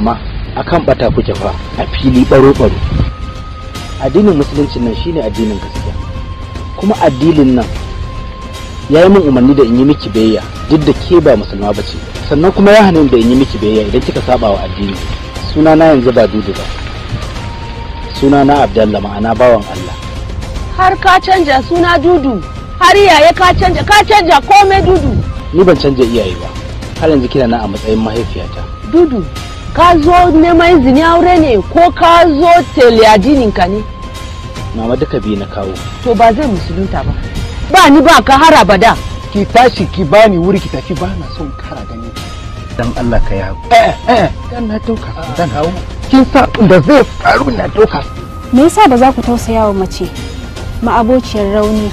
mama akan bata kuke fa a fili baro baro addinin musuluncin nan shine addinin gaskiya kuma addinin nan yayi yi min umarni da in yi miki bayya duk da ke ba musulma ba ce sannan kuma ya hana da in yi miki bayya idan kika saba wa addini suna na yanzu ba dudu ba suna na abdalla ma'ana bawan allah har ka canja suna dudu har yaya ka canja ka canja komai dudu ni ban canja iyaye ba har yanzu kina na a matsayin mahaifiyata dudu ka zo neman izini aure ne ko ka zo teleyadinin ka ne mama duka biyu na kawo to ba zai musulunta ba ba ni ba ka har da. ki tashi ki bani wuri ki tafi ba na son kara gani dan Allah ka yi eh eh dan na doka dan hawo kin sa da zai faru na doka me yasa ba za ku tausaya wa mace abociyar rauni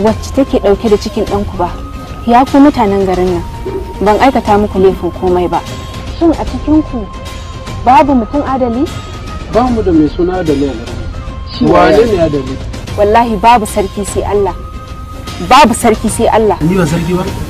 wacce take dauke da cikin ɗanku ba ya ku mutanen garin nan ban aikata muku laifin komai ba shin a ku babu mutum adali? Ba mu da mai suna adali a Shi wane ne adali? Wallahi babu sarki sai Allah. Babu sarki sai Allah. Ni ba sarki ba?